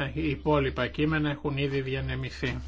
Ε, οι υπόλοιπα κείμενα έχουν ήδη διανεμηθεί.